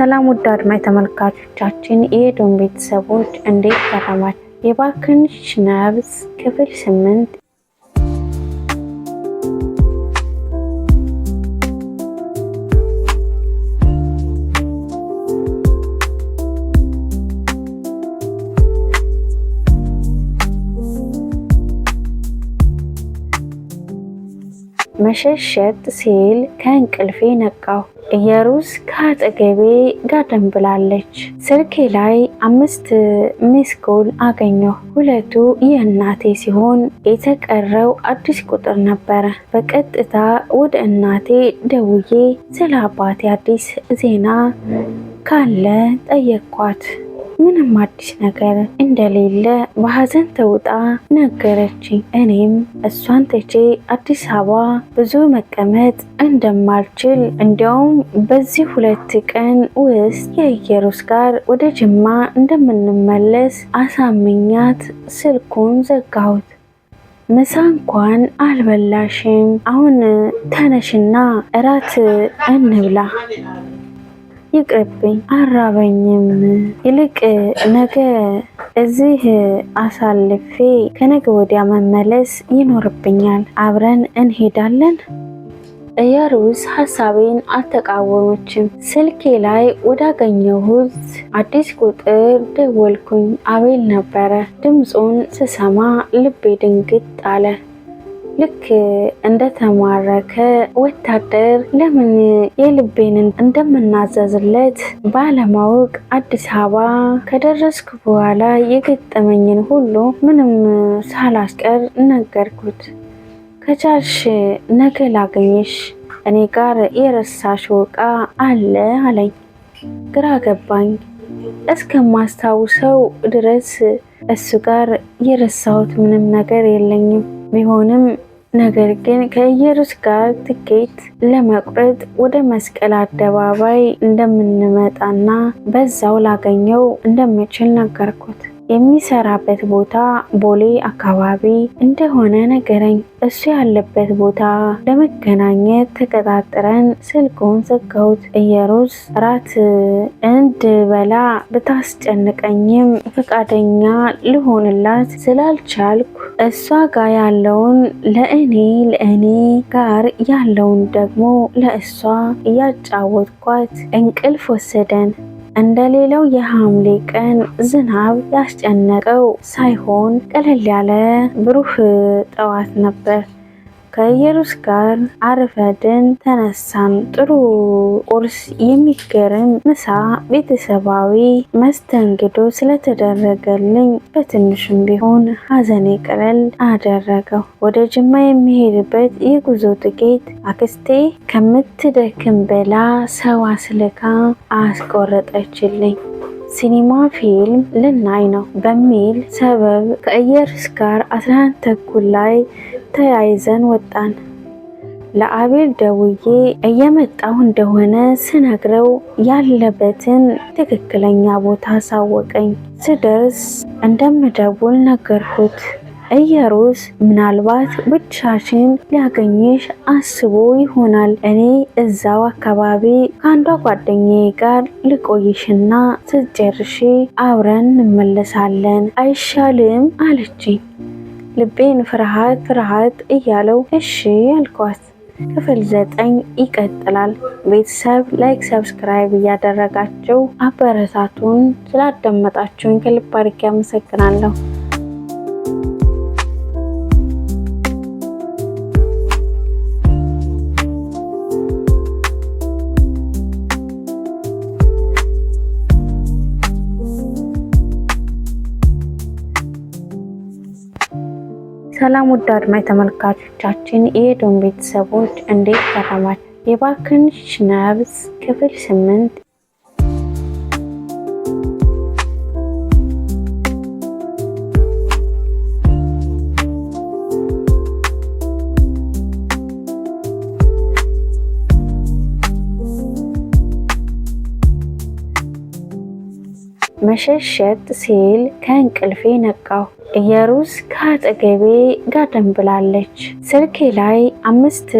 ሰላም ውድ አድማጭ ተመልካቾቻችን የዶም ቤተሰቦች እንዴት ከረማችሁ? የባክንሽ ነብስ ክፍል ስምንት መሸሸጥ ሲል ከእንቅልፌ ነቃሁ። ኢየሩስ ከአጠገቤ ጋደም ብላለች። ስልኬ ላይ አምስት ሚስኮል ኮል አገኘሁ። ሁለቱ የእናቴ ሲሆን የተቀረው አዲስ ቁጥር ነበረ። በቀጥታ ወደ እናቴ ደውዬ ስለ አባቴ አዲስ ዜና ካለ ጠየቅኳት። ምንም አዲስ ነገር እንደሌለ በሀዘን ተውጣ ነገረች። እኔም እሷን ትቼ አዲስ አበባ ብዙ መቀመጥ እንደማልችል እንዲያውም በዚህ ሁለት ቀን ውስጥ የኢየሩስ ጋር ወደ ጅማ እንደምንመለስ አሳምኛት ስልኩን ዘጋሁት። ምሳ እንኳን አልበላሽም። አሁን ተነሽና እራት እንብላ ይቅርብኝ፣ አራበኝም። ይልቅ ነገ እዚህ አሳልፌ ከነገ ወዲያ መመለስ ይኖርብኛል። አብረን እንሄዳለን። ኢያሪስ ሀሳቤን አልተቃወመችም። ስልኬ ላይ ወዳገኘሁት አዲስ ቁጥር ደወልኩኝ። አቤል ነበረ። ድምፁን ስሰማ ልቤ ድንግጥ አለ። ልክ እንደተማረከ ወታደር ለምን የልቤንን እንደምናዘዝለት ባለማወቅ አዲስ አበባ ከደረስኩ በኋላ የገጠመኝን ሁሉ ምንም ሳላስቀር ነገርኩት። ከቻልሽ ነገ ላገኝሽ፣ እኔ ጋር የረሳሽው ዕቃ አለ አለኝ። ግራ ገባኝ። እስከማስታውሰው ድረስ እሱ ጋር የረሳሁት ምንም ነገር የለኝም ቢሆንም ነገር ግን ከኢየሩስ ጋር ትኬት ለመቁረጥ ወደ መስቀል አደባባይ እንደምንመጣና በዛው ላገኘው እንደምችል ነገርኩት። የሚሰራበት ቦታ ቦሌ አካባቢ እንደሆነ ነገረኝ። እሱ ያለበት ቦታ ለመገናኘት ተቀጣጥረን ስልኩን ዘጋሁት። እየሩዝ ራት እንድበላ ብታስጨንቀኝም ፈቃደኛ ልሆንላት ስላልቻልኩ እሷ ጋር ያለውን ለእኔ ለእኔ ጋር ያለውን ደግሞ ለእሷ እያጫወትኳት እንቅልፍ ወሰደን። እንደሌላው የሐምሌ ቀን ዝናብ ያስጨነቀው ሳይሆን ቀለል ያለ ብሩህ ጠዋት ነበር። ከኢየሩስ ጋር አረፈድን ተነሳን። ጥሩ ቁርስ፣ የሚገርም ምሳ፣ ቤተሰባዊ መስተንግዶ ስለተደረገልኝ በትንሹም ቢሆን ሀዘኔ ቅለል አደረገው። ወደ ጅማ የሚሄድበት የጉዞ ትኬት አክስቴ ከምትደክም በላ ሰው አስልካ አስቆረጠችልኝ። ሲኒማ ፊልም ልናይ ነው በሚል ሰበብ ከኢየሩስ ጋር 11 ተኩል ላይ ተያይዘን ወጣን። ለአቤል ደውዬ እየመጣሁ እንደሆነ ስነግረው ያለበትን ትክክለኛ ቦታ አሳወቀኝ። ስደርስ እንደምደውል ነገርኩት። እየሩስ ምናልባት ብቻሽን ሊያገኝሽ አስቦ ይሆናል። እኔ እዛው አካባቢ ከአንዷ ጓደኛዬ ጋር ልቆይሽና ስጨርሺ አብረን እንመለሳለን አይሻልም? አለችኝ። ልቤን ፍርሃት ፍርሃት እያለው እሺ አልኳት። ክፍል ዘጠኝ ይቀጥላል። ቤተሰብ ላይክ፣ ሰብስክራይብ እያደረጋችሁ አበረታቱን። ስላዳመጣችሁን ከልብ አድርጌ አመሰግናለሁ። ሰላም ውድ አድማጭ ተመልካቾቻችን የዶም ቤተሰቦች እንዴት ከረማች? የባክንሽ ነብስ ክፍል ስምንት መሸሸጥ ሲል ከእንቅልፌ ነቃሁ። ኢየሩስ ከአጠገቤ ጋደም ብላለች። ስልኬ ላይ አምስት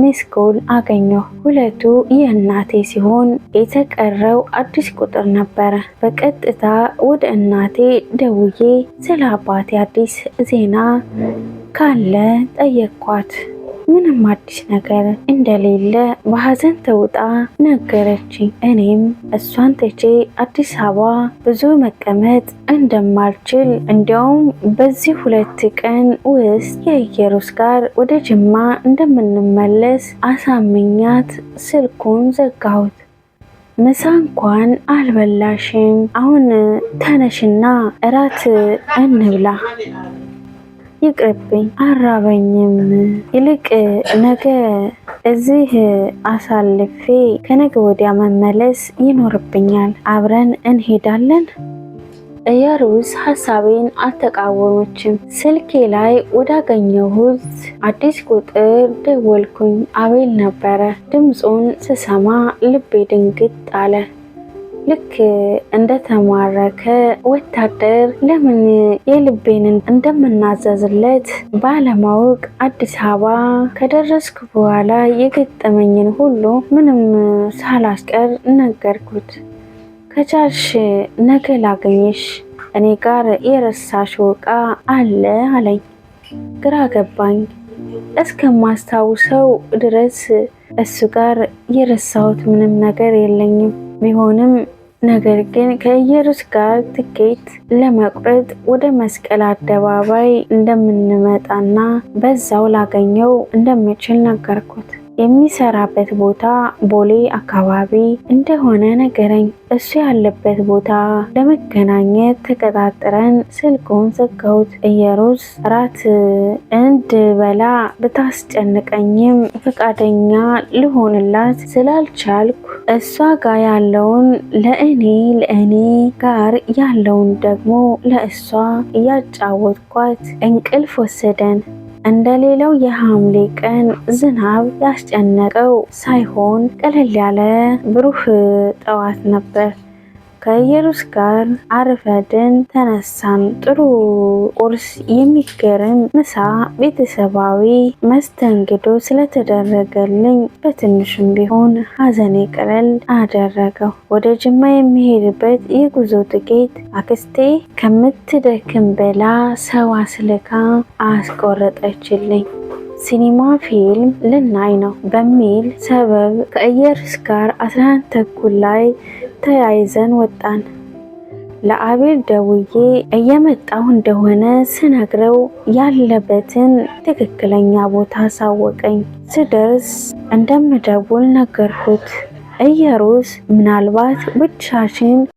ሚስ ኮል አገኘሁ። ሁለቱ የእናቴ ሲሆን የተቀረው አዲስ ቁጥር ነበረ። በቀጥታ ወደ እናቴ ደውዬ ስለ አባቴ አዲስ ዜና ካለ ጠየቅኳት። ምንም አዲስ ነገር እንደሌለ በሀዘን ተውጣ ነገረችኝ። እኔም እሷን ትቼ አዲስ አበባ ብዙ መቀመጥ እንደማልችል እንዲያውም በዚህ ሁለት ቀን ውስጥ ከኢየሩስ ጋር ወደ ጅማ እንደምንመለስ አሳምኛት ስልኩን ዘጋሁት። ምሳ እንኳን አልበላሽም። አሁን ተነሽና እራት እንብላ ይቅርብኝ፣ አራበኝም። ይልቅ ነገ እዚህ አሳልፌ ከነገ ወዲያ መመለስ ይኖርብኛል። አብረን እንሄዳለን። ኢያሪስ ሀሳቤን አልተቃወመችም። ስልኬ ላይ ወዳገኘሁት አዲስ ቁጥር ደወልኩኝ። አቤል ነበረ። ድምፁን ስሰማ ልቤ ድንግጥ አለ። ልክ እንደተማረከ ወታደር ለምን የልቤንን እንደምናዘዝለት ባለማወቅ አዲስ አበባ ከደረስኩ በኋላ የገጠመኝን ሁሉ ምንም ሳላስቀር ነገርኩት። ከቻልሽ ነገ ላገኝሽ፣ እኔ ጋር የረሳሽው ዕቃ አለ አለኝ። ግራ ገባኝ። እስከማስታውሰው ድረስ እሱ ጋር የረሳሁት ምንም ነገር የለኝም። ቢሆንም ነገር ግን ከኢየሩስ ጋር ትኬት ለመቁረጥ ወደ መስቀል አደባባይ እንደምንመጣና በዛው ላገኘው እንደምችል ነገርኩት። የሚሰራበት ቦታ ቦሌ አካባቢ እንደሆነ ነገረኝ። እሱ ያለበት ቦታ ለመገናኘት ተቀጣጥረን ስልኩን ዘጋሁት። እየሮዝ ራት እንድበላ ብታስጨንቀኝም ፈቃደኛ ልሆንላት ስላልቻልኩ እሷ ጋር ያለውን ለእኔ ለእኔ ጋር ያለውን ደግሞ ለእሷ እያጫወትኳት እንቅልፍ ወሰደን። እንደሌላው የሐምሌ ቀን ዝናብ ያስጨነቀው ሳይሆን ቀለል ያለ ብሩህ ጠዋት ነበር። ከኢየሩስ ጋር አርፈድን ተነሳን። ጥሩ ቁርስ፣ የሚገርም ምሳ፣ ቤተሰባዊ መስተንግዶ ስለተደረገልኝ በትንሹም ቢሆን ሀዘኔ ቅለል አደረገው። ወደ ጅማ የሚሄድበት የጉዞ ትኬት አክስቴ ከምትደክም በላ ሰው አስልካ አስቆረጠችልኝ። ሲኒማ ፊልም ልናይ ነው በሚል ሰበብ ከኢየሩስ ጋር 11 ተኩል ላይ ተያይዘን ወጣን። ለአቤል ደውዬ እየመጣሁ እንደሆነ ስነግረው ያለበትን ትክክለኛ ቦታ አሳወቀኝ። ስደርስ እንደምደውል ነገርኩት። እየሩስ ምናልባት ብቻሽን